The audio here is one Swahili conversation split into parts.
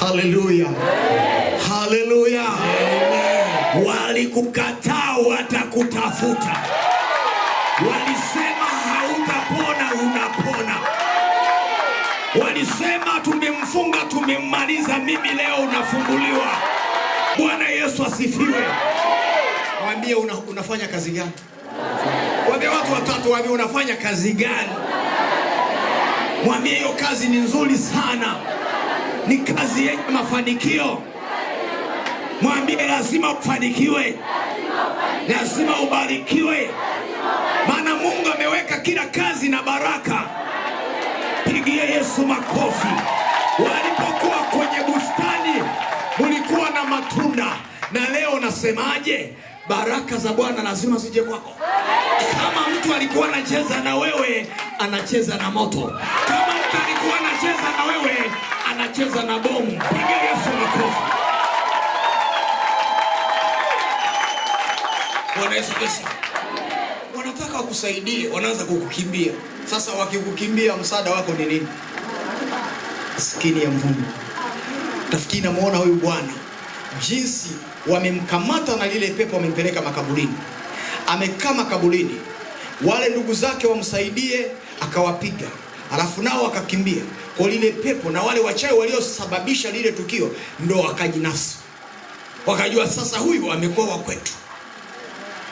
Haleluya, haleluya! Walikukataa, watakutafuta. Walisema hautapona, unapona. Walisema tumemfunga, tumemmaliza, mimi leo unafunguliwa. Bwana Yesu asifiwe. Waambie una, unafanya kazi gani? Waambie watu watatu, waambie unafanya kazi gani? Mwambie hiyo kazi ni nzuri sana ni kazi yenye mafanikio. Mwambie lazima ufanikiwe, lazima ubarikiwe, maana Mungu ameweka kila kazi na baraka. Pigie Yesu makofi. Walipokuwa kwenye bustani mulikuwa na matunda, na leo nasemaje? Baraka za Bwana lazima zije kwako. Kama mtu alikuwa anacheza na wewe, anacheza na moto anacheza na bomu. Piga Yesu makofi. Bwana Yesu asifiwe. Wanataka kukusaidia, wanaanza kukukimbia. Sasa wakikukimbia, msaada wako ni nini? Skini ya mvumo. Tafikiri namuona huyu bwana jinsi wamemkamata na lile pepo wamempeleka makaburini, amekaa makaburini, wale ndugu zake wamsaidie, akawapiga alafu nao wakakimbia kwa lile pepo, na wale wachawi waliosababisha lile tukio ndo wakajinafsi, wakajua sasa huyu amekuwa wa kwetu.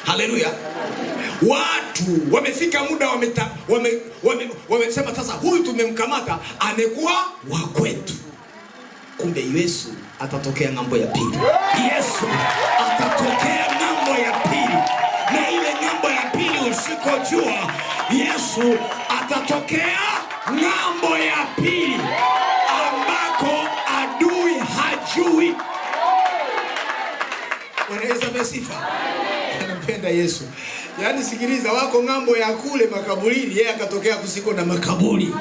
Haleluya! Watu wamefika muda wameta, wame, wame, wamesema sasa huyu tumemkamata, amekuwa wa kwetu. Kumbe Yesu atatokea ng'ambo ya pili. Yesu atatokea ng'ambo ya pili, na ile ng'ambo ya pili usikojua Yesu atatokea ng'ambo ya pili ambako adui hajui. Wanaweza mesifa, anampenda Yesu. Yaani sikiliza, wako ng'ambo ya kule makaburini, yeye akatokea kusiko na makaburi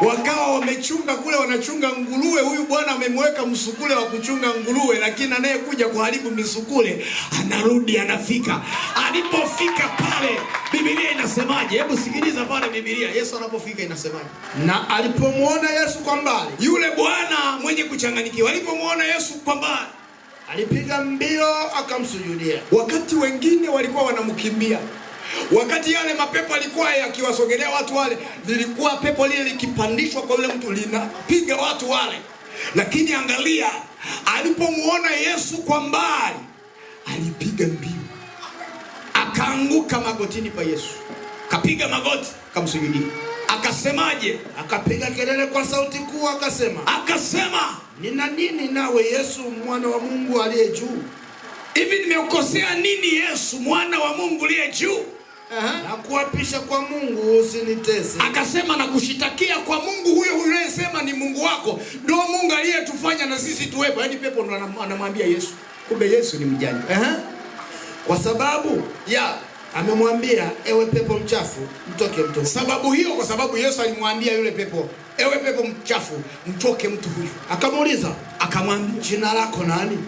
wakawa wamechunga kule, wanachunga nguruwe. Huyu bwana amemweka msukule wa kuchunga nguruwe, lakini anayekuja kuharibu misukule anarudi, anafika alipofika Inasemaje? Hebu sikiliza pale Biblia Yesu anapofika inasemaje? Na alipomwona Yesu kwa mbali, yule bwana mwenye kuchanganyikiwa alipomwona Yesu kwa mbali alipiga mbio akamsujudia. Wakati wengine walikuwa wanamkimbia, wakati yale mapepo alikuwa yakiwasogelea watu wale, lilikuwa pepo lile likipandishwa kwa yule mtu linapiga watu wale, lakini angalia, alipomwona Yesu kwa mbali alipiga mbio akaanguka magotini pa Yesu akapiga magoti akamsujudia. Akasemaje? Akapiga kelele kwa sauti kuu akasema, akasema nina nini nawe Yesu mwana wa Mungu aliye juu? Hivi nimeukosea nini Yesu mwana wa Mungu aliye juu? Na kuapisha kwa Mungu usinitese. Akasema na kushitakia kwa Mungu huyo huyo ni Mungu wako, ndio Mungu aliyetufanya na sisi tuwepo. Yaani pepo ndo anamwambia Yesu, kumbe Yesu ni mjanja. Kwa sababu ya amemwambia ewe pepo mchafu mtoke mtu. Sababu hiyo kwa sababu Yesu alimwambia yule pepo, ewe pepo mchafu mtoke mtu huyu. Akamuuliza, akamwambia jina lako nani?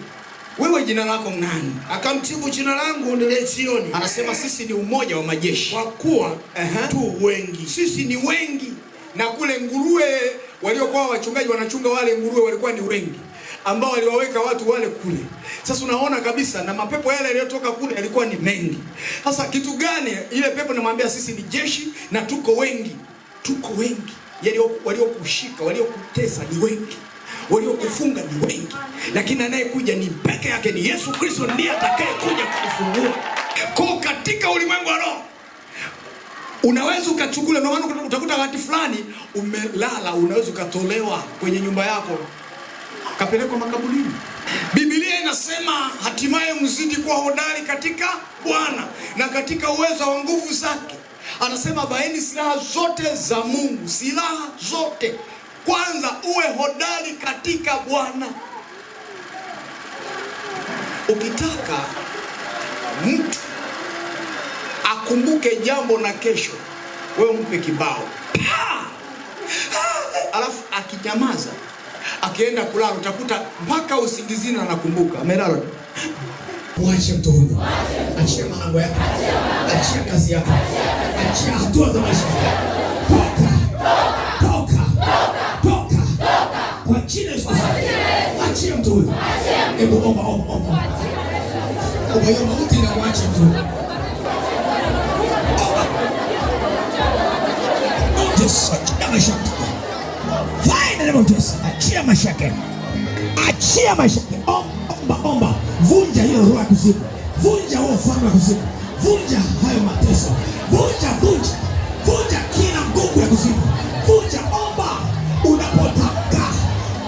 Wewe jina lako nani? Akamtibu, jina langu ni Legioni. Anasema sisi ni umoja wa majeshi, kwa kuwa uh -huh. tu wengi, sisi ni wengi. Na kule nguruwe waliokuwa wachungaji wanachunga wale nguruwe walikuwa ni wengi ambao aliwaweka watu wale kule. Sasa unaona kabisa na mapepo yale yaliyotoka kule yalikuwa ni mengi. Sasa kitu gani ile pepo namwambia, sisi ni jeshi na tuko wengi, tuko wengi. Waliokushika, waliokutesa ni wengi, waliokufunga ni wengi, lakini anayekuja ni peke yake, ni Yesu Kristo, ndiye atakayekuja kukufungua kwa katika ulimwengu wa roho unaweza ukachukula. Ndio maana utakuta wakati fulani umelala, unaweza ukatolewa kwenye nyumba yako kapelekwa makaburini. Biblia inasema hatimaye mzidi kuwa hodari katika Bwana na katika uwezo wa nguvu zake. Anasema vaeni silaha zote za Mungu, silaha zote. Kwanza uwe hodari katika Bwana. Ukitaka mtu akumbuke jambo na kesho, wewe mpe kibao, alafu akinyamaza akienda kulala utakuta mpaka usingizini anakumbuka amelala. Mwache mtu huyu, achie malango yake, achie kazi yake, achie hatua za maisha. Toka, toka, toka kwa jina Yesu. Achie mtu huyu, hebu omba, omba, omba, omba hiyo mauti na mwache mtu huyu. Omba, omba, omba, omba, neno Yesu, achia maisha yake, achia maisha yake. Oh, omba, omba, vunja hiyo roho ya kuzimu, vunja huo ufalme wa kuzimu, vunja hayo mateso, vunja, vunja, vunja kila nguvu ya kuzimu, vunja. Omba unapotamka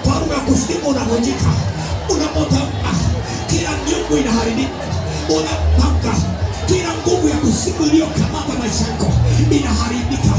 kwa roho ya kuzimu, unavunjika. Unapotamka kila nyungu inaharibika, unapotamka kila nguvu ya kuzimu iliyokamata maisha yako inaharibika.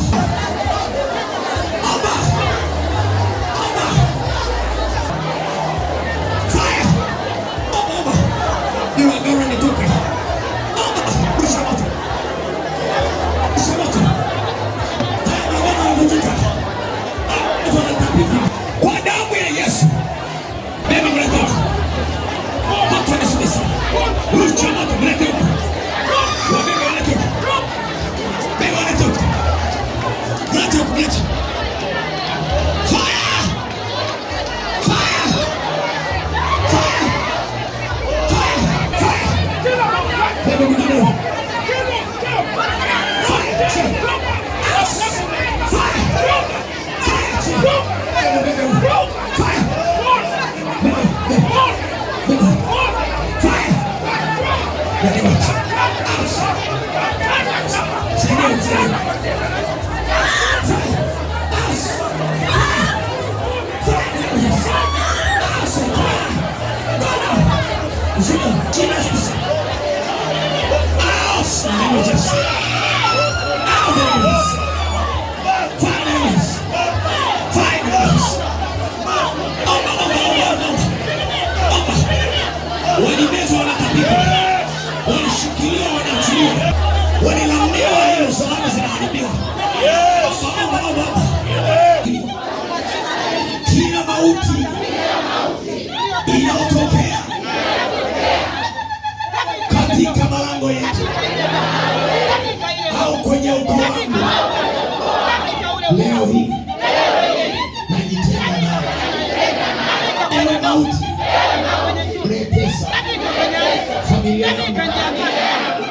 Thank you.